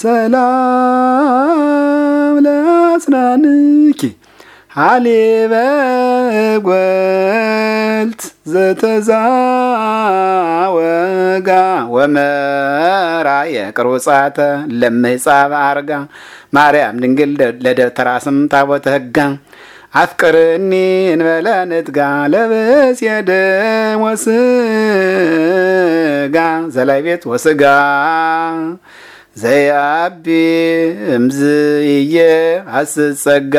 ሰላም ለአጽናንኪ ሃሊበጎልት ዘተዛወጋ ወመራ የቅሩጻተ ለምጻብ አርጋ ማርያም ድንግል ለደብተራ ስም ታቦተ ህጋ አፍቅርኒ እንበለ ንትጋ ለብስየ ወስጋ ዘላይ ቤት ወስጋ ዘያቢ እምዝዬ አስጸጋ